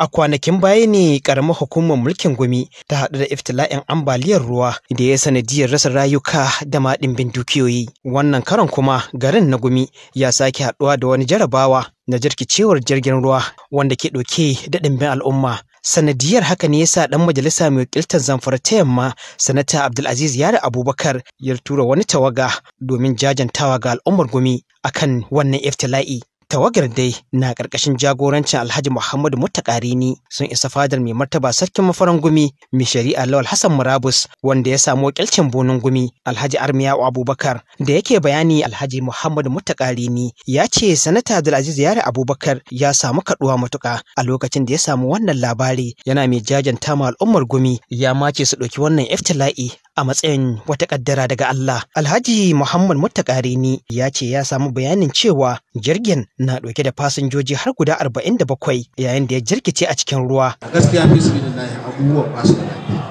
A kwanakin baya ne karamar hukumar mulkin gumi ta haɗu da iftila'in ambaliyar ruwa da ya sanadiyar rasa rayuka da maɗin bin dukiyoyi. Wannan karon kuma garin na gumi ya sake haɗuwa da wani jarabawa na jirkicewar jirgin ruwa wanda ke ɗauke da ɗimbin al'umma. sanadiyar haka ne ya sa ɗan majalisa mai wakiltar zamfara ta yamma sanata abdulaziz yari abubakar ya tura wani tawaga domin jajantawa ga al'ummar gumi akan wannan iftila'i Tawagar dai na ƙarƙashin jagorancin Alhaji Muhammadu Mutakarini sun isa fadar mai martaba sarkin mafaran gumi mai shari'a Lawal Hassan Murabus wanda ya samu wakilcin bonin gumi Alhaji Armiya Armiyawu Abubakar da yake bayani Alhaji Muhammadu Mutakarini ya ce sanata Abdulaziz Yare Abubakar ya samu kaduwa matuka a lokacin da ya samu wannan labari yana mai jajanta ma al'ummar gumi ya mace su ɗauki wannan iftila'i a matsayin wata kaddara daga Allah. Alhaji Muhammad Muttakareni ya ce ya samu bayanin cewa jirgin na ɗauke da fasinjoji har guda 47 yayin da ya jirkice a cikin ruwa. A gaskiya bismillah abubuwan ba su da lafiya.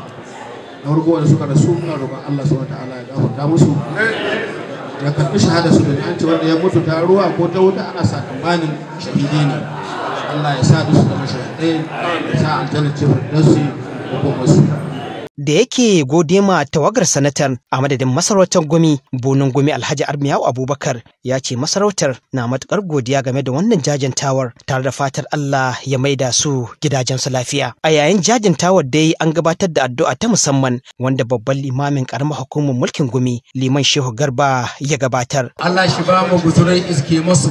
Na farko wanda suka rasu muna roƙon Allah subhanahu ta'ala ya gafarta musu. Ya karɓi shahada su da an ce wanda ya mutu ta ruwa ko ta wuta ana sakamakon shahidi ne. Allah ya sa dusu da mashahidai ya sa aljanna ce firdausi ko kuma su. da yake gode ma tawagar sanatar a madadin masarautar gumi bonin gumi alhaji armiyau abubakar ya ce masarautar na matukar godiya game da wannan jajantawar tare da fatar allah ya maida su gidajensu lafiya a yayin jajantawar dai an gabatar da addu'a ta musamman wanda babban limamin karamar hukumar mulkin gumi liman shehu garba ya gabatar allah shi ba mu guzurai iske musu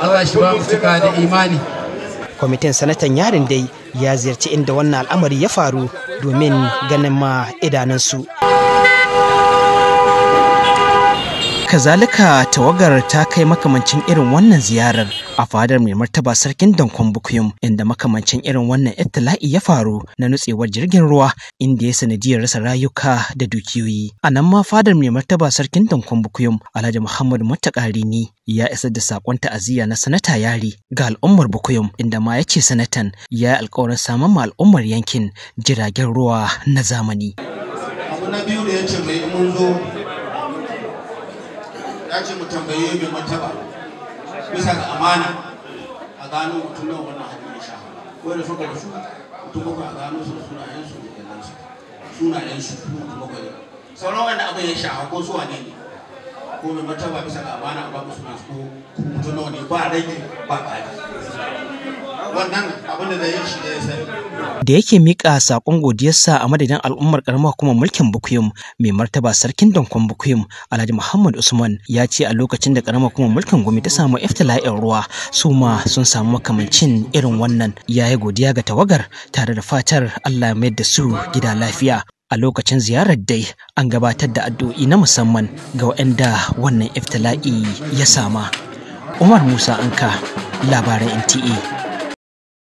allah shi ba mu cika da imani kwamitin sanatan yarin dai ya ziyarci inda wannan al'amari ya faru domin ganin ma idanunsu kazalika tawagar ta kai makamancin irin wannan ziyarar a fadar mai martaba sarkin dankon bukuyum inda makamancin irin wannan ittila'i ya faru na nutsewar jirgin ruwa inda ya sanadiyar rasa rayuka da dukiyoyi a nan ma fadar mai martaba sarkin dankon bukuyum alhaji muhammad Mutakari ne ya isar da sakon ta'aziyya na sanata yari ga al'ummar bukuyum inda ma ya ce sanatan ya yi alkawarin samun ma al'ummar yankin jiragen ruwa na zamani abu na biyu da ya ce mai mun zo dace ce mu tambaye mai mataba bisa ga amana a gano mutum nan wannan hadin ya sha ko da suka da su mutum bakwai a gano su sunayen su da kallon su sunayen su mutum bakwai sauran wannan abin ya sha ko su wane ne ko mai mataba bisa ga amana a ba sunan su ko mutum nan ne ba rage ba ƙari da yake mika sakon godiyarsa a madadin al'ummar karamar kuma mulkin Bukuyum mai martaba sarkin Dankon Bukuyum Alhaji Muhammad Usman ya ce a lokacin da karamar kuma mulkin Gumi ta samu iftila'in ruwa su ma sun samu makamancin irin wannan ya yi godiya ga tawagar tare da fatar Allah mai mayar da su gida lafiya. a lokacin ziyarar dai an gabatar da addu'o'i na musamman ga waɗanda wannan iftila'i ya sama. Umar Musa Anka, labaran NTA.